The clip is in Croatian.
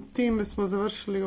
time smo završili